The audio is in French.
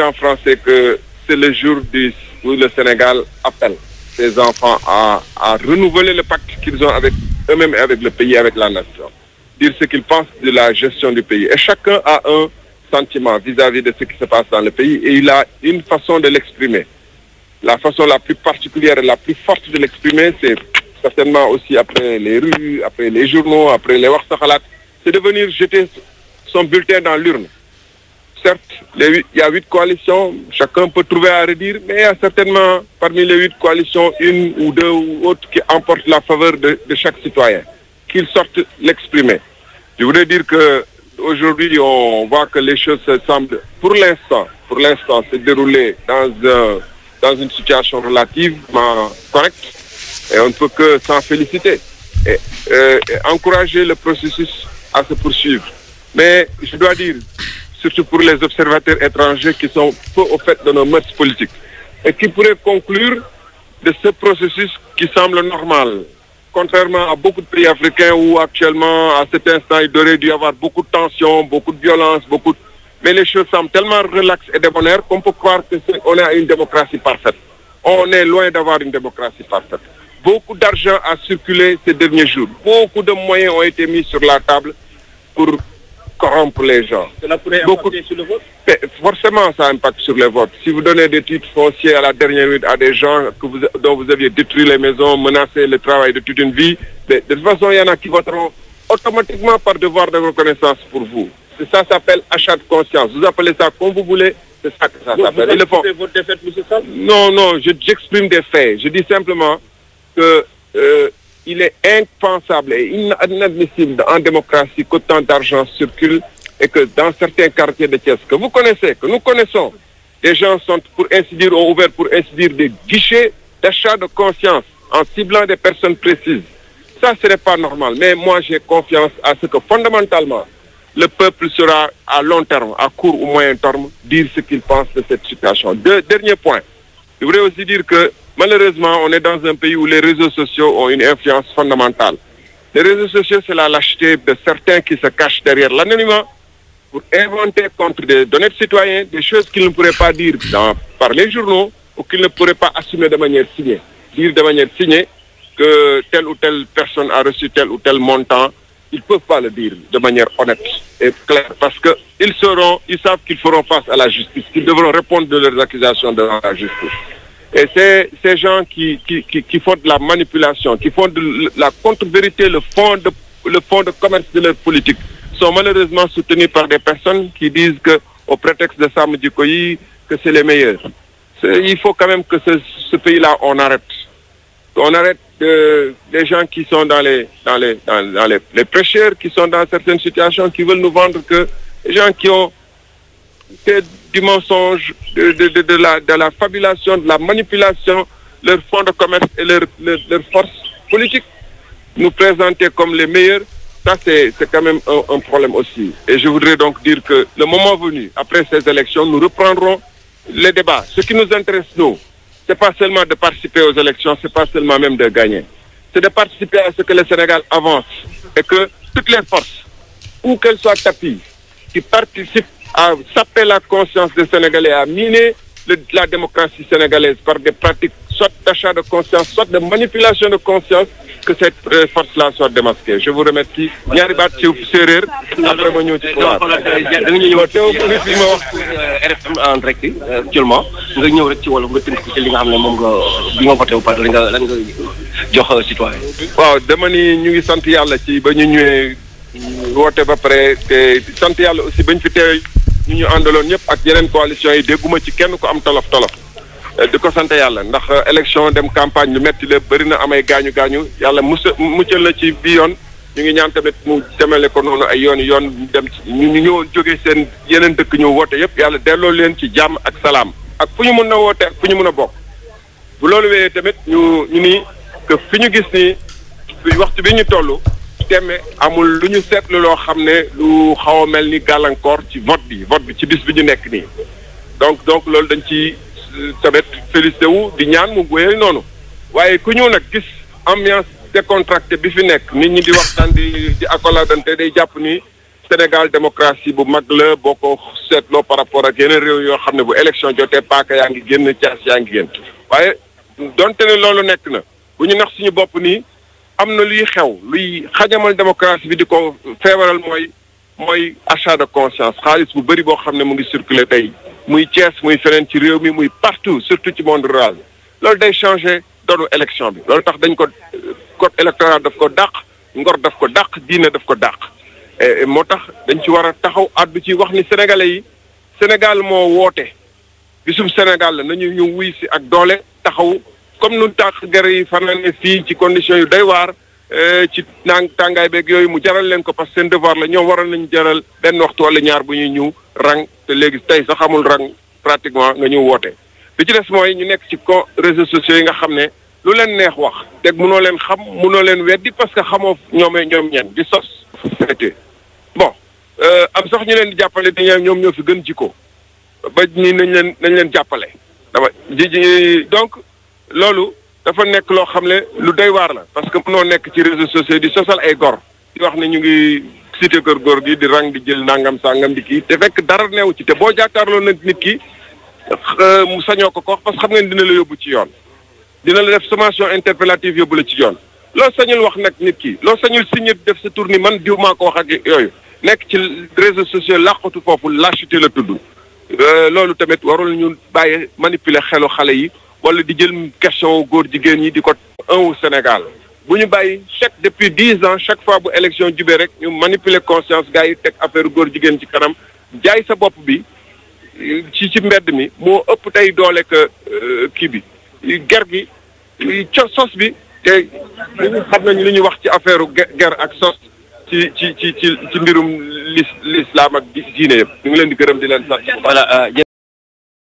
en français que c'est le jour du, où le Sénégal appelle ses enfants à, renouveler le pacte qu'ils ont avec eux-mêmes et avec le pays, avec la nation. Dire ce qu'ils pensent de la gestion du pays. Et chacun a un sentiment vis-à-vis de ce qui se passe dans le pays et il a une façon de l'exprimer. La façon la plus particulière et la plus forte de l'exprimer, c'est certainement aussi après les rues, après les journaux, après les Warsakhalat, c'est de venir jeter son bulletin dans l'urne certes, il y a huit coalitions, chacun peut trouver à redire, mais il y a certainement parmi les huit coalitions une ou deux ou autres qui emportent la faveur de, chaque citoyen, qu'ils sortent l'exprimer. Je voudrais dire que aujourd'hui, on voit que les choses semblent, pour l'instant, pour l'instant, se dérouler dans, une situation relativement correcte, et on ne peut que s'en féliciter et euh, encourager le processus à se poursuivre. Mais je dois dire, surtout pour les observateurs étrangers qui sont peu au fait de nos mœurs politiques, et qui pourraient conclure de ce processus qui semble normal. Contrairement à beaucoup de pays africains où actuellement, à cet instant, il aurait dû y avoir beaucoup de tensions, beaucoup de violence, beaucoup Mais les choses semblent tellement relaxes et débonnaires qu'on peut croire qu'on est à une démocratie parfaite. On est loin d'avoir une démocratie parfaite. Beaucoup d'argent a circulé ces derniers jours. Beaucoup de moyens ont été mis sur la table pour pour les gens. pourrait Beaucoup... sur le vote Forcément, ça impacte sur les votes Si vous donnez des titres fonciers à la dernière minute à des gens que vous, dont vous aviez détruit les maisons, menacé le travail de toute une vie, de, toute façon, il y en a qui voteront automatiquement par devoir de reconnaissance pour vous. Ça s'appelle achat de conscience. Vous appelez ça comme vous voulez, c'est ça que ça s'appelle. Non, non, j'exprime des faits. Je dis simplement que euh, il est impensable et inadmissible en démocratie qu'autant d'argent circule et que dans certains quartiers de Thiès que vous connaissez, que nous connaissons, les gens sont, pour ainsi dire, ont ouvert, pour ainsi dire, des guichets d'achat de conscience en ciblant des personnes précises. Ça, ce n'est pas normal. Mais moi, j'ai confiance à ce que fondamentalement, le peuple sera à long terme, à court ou moyen terme, dire ce qu'il pense de cette situation. de dernier point. Je voudrais aussi dire que Malheureusement, on est dans un pays où les réseaux sociaux ont une influence fondamentale. Les réseaux sociaux, c'est la lâcheté de certains qui se cachent derrière l'anonymat pour inventer contre des données citoyens des choses qu'ils ne pourraient pas dire par les journaux ou qu'ils ne pourraient pas assumer de manière signée. Dire de manière signée que telle ou telle personne a reçu tel ou tel montant, ils ne peuvent pas le dire de manière honnête et claire parce qu'ils ils savent qu'ils feront face à la justice, qu'ils devront répondre de leurs accusations devant la justice. Et ces, gens qui, qui, font de la manipulation, qui font de la contre-vérité, le fond de, le fond de commerce de leur politique, sont malheureusement soutenus par des personnes qui disent que, au prétexte de Sam Dikoyi, que c'est les meilleurs. Il faut quand même que ce, pays-là, on arrête. On arrête des les gens qui sont dans les, dans les, dans, les, prêcheurs, qui sont dans certaines situations, qui veulent nous vendre que les gens qui ont du mensonge, de, de, de, de la, fabulation, de la manipulation, leurs fonds de commerce et leurs leurs forces force nous présenter comme les meilleurs, ça c'est quand même un, un, problème aussi. Et je voudrais donc dire que le moment venu, après ces élections, nous reprendrons les débats. Ce qui nous intéresse, nous, c'est pas seulement de participer aux élections, c'est pas seulement même de gagner. C'est de participer à ce que le Sénégal avance et que toutes les forces, où qu'elles soient tapies, qui participent à saper la conscience des Sénégalais, à miner la démocratie sénégalaise par des pratiques soit d'achat de conscience, soit de manipulation de conscience, que cette euh, force-là soit démasquée. Je vous remercie. ñaari baat ci séeréer. après ma ñëw ci pulaar. da nga ñëw teew bi euh, en direct euh, actuellement nga ñëw rek ci wolof nga tënk ci li nga xam ne moom nga bi nga voté wu pare nga lan nga jox citoyen. waaw dama ni ñu ngi sant yàlla ci ba ñu ñëwee woote ba pare te sant yàlla aussi bañ fi teewee. ñu ñu àndaloon ñëpp ak yeneen coalition yi dégguma ci kenn ku am tolof tolof eh, di ko sant yàlla ndax eh, élection dem campagne lu metti la bëri na amay gaañu gaañu yàlla musa muccal na ci bi yoon ñu ngi ñaan tamit mu demale ko noonu ay yoon yoon dem ñu ñu ñëwoon jógee seen yeneen dëkk ñëw woote yëpp yàlla delloo leen ci jàmm ak salaam ak fu ñu mën a woote ak fu ñu mën a bokk bu loolu wéyee tamit ñu ñu nii que fi ñu gis nii waxtu bi ñu toll te amul lu ñu seetlu loo xam ne lu xaw a mel ni gàllankoor ci vote bi vote bi ci bis bi ñu nekk nii donc donc loolu dañ ci euh, tamit félicité wu di ñaan mu wéyal noonu waaye ku ñëw nag gis ambiance décontracté bi fi nekk nit ñi di waxtaan di di accoladante day jàpp ni Sénégal démocratie bu mag la boo ko seetloo par rapport ak yeneen réew yoo xam ne bu élection jotee paaka yaa ngi génn caas yaa ngi génn waaye donte ne loolu nekk na bu ñu nax suñu bopp nii am na luy xew luy xajamal démocratie bi di ko de conscience xaalis bu bëri boo xam ne circuler tey muy Thiès muy feneen ci réew muy partout surtout monde rural loolu day changer dans élection bi loolu tax code électoral daf ko dàq ngor daf ko dàq diine daf ko dàq moo tax dañ ci war taxaw ci wax ni sénégalais yi Sénégal moo bisum Sénégal la nañu ñu wuy ak comme nu tàq gar yi fanaane fii ci condition yu day waar eh, ci naan tàngaay beeg yooyu mu jaral leen ko parce que seen devoir la ñoo waroon nañu jaral benn waxtu wala ñaar bu ñuy ñëw rang te léegi tey sax xamul rang pratiquement nga ñëw woote. li ci des mooy ñu nekk ci co réseaux sociaux yi nga xam ne lu leen neex wax teg munoo leen xam munoo leen weddi parce que xamoo ñoomee ñoom ñen di sos. bon eh, am sax ñu leen di jàppale dañuy ñoom ñoo fi gën jikko ba ñi nañ leen nañ leen jàppale dama ji donc. lolu dafa nek lo xamne lu doy war la parce que mënoo nek ci réseaux sociaux di sosal ay gor di wax ni ñu ngi cité gor gor gi di rang di jël nangam sangam di ki te fekk dara neew ci te bo jakarlo nak nit ki euh, mu sañoo ko ko parce que xam ngeen dina la yobbu ci yoon dina la def sommation interpellative yobbu la ci yoon lo sañul wax nak nit ki lo sañul signé def sa tourni man diw maa ko wax ak yooyu nek ci réseaux sociaux làqatu foofu lâcheté la tudd euh, lolu tamit warul ñu baye manipuler xelu xalé yi wala di jël question góor jigéen ñi di ko un au Sénégal bu ñu bàyyi chaque depuis dix ans chaque fois bu élection jubee rek ñu manipuler conscience gars yi teg affaire góor jigéen ci kanam jaay sa bopp bi ci ci mbedd mi moo ëpp tey doole que euh, kii bi ger gi sos bi te xam nañ li ñu wax ci affaire ger ak sos ci ci ci ci ci mbirum lis l'islam ak diine yëpp ñu ngi leen di gërëm di leen sant. Euh,